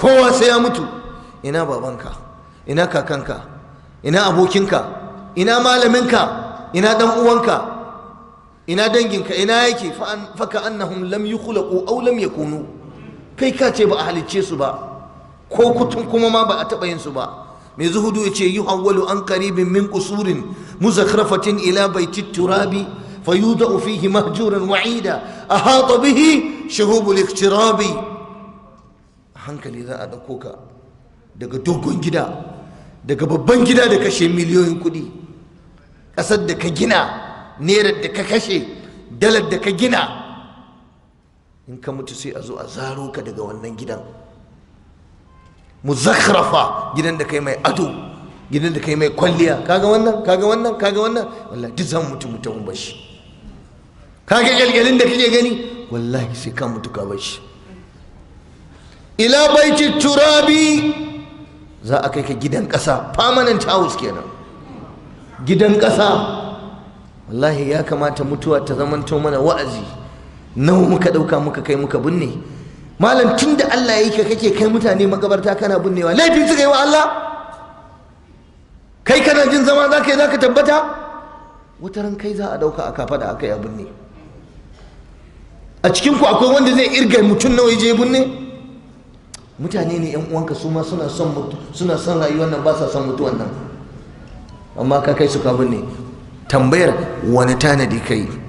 kowa sai ya mutu ina babanka ina kakanka ina abokinka ina malaminka ina dan uwanka ina danginka ina yake faka annahum lam yukhlaqu aw lam yakunu kai ka ce ba a halicce su ba ko kutun kuma ma ba a taɓa yin su ba mai zuhudu ya ce yi hawwalu an karibin min kusurin muzakrafatin ila baiti turabi fayuda fihi mahjuran wa'ida ahata bihi shuhubul iktirabi hankali za a ɗauko ka daga dogon gida daga babban gida da kashe miliyoyin kuɗi ƙasar da ka gina nerar da ka kashe dalar da ka gina in ka mutu sai a zo a zaro ka daga wannan gidan Mu zakarafa gidan da kai mai ado gidan da kai mai kwalliya kaga wannan kaga wannan kaga wannan wallahi duk zan mutu mutum bashi kaga kyalkyalin da kake gani wallahi sai ka mutu ka bashi ila baiti turabi za a kai ka gidan ƙasa permanent house kenan gidan ƙasa wallahi ya kamata mutuwa ta to mana wa'azi nawa muka ɗauka muka kai muka binne malam tun da Allah ya yi ka kake kai mutane makabarta kana binnewa laifin suka yi wa Allah kai kana jin zama za ka yi za ka tabbata wata ran kai za a ɗauka a kafa da aka yi a binne a cikinku akwai wanda zai irga mutum nawa ya je binne mutane ne yan uwanka su ma suna son suna son rayuwar nan ba sa son mutuwan nan amma ka kai su kabin ne tambayar wani tanadi kai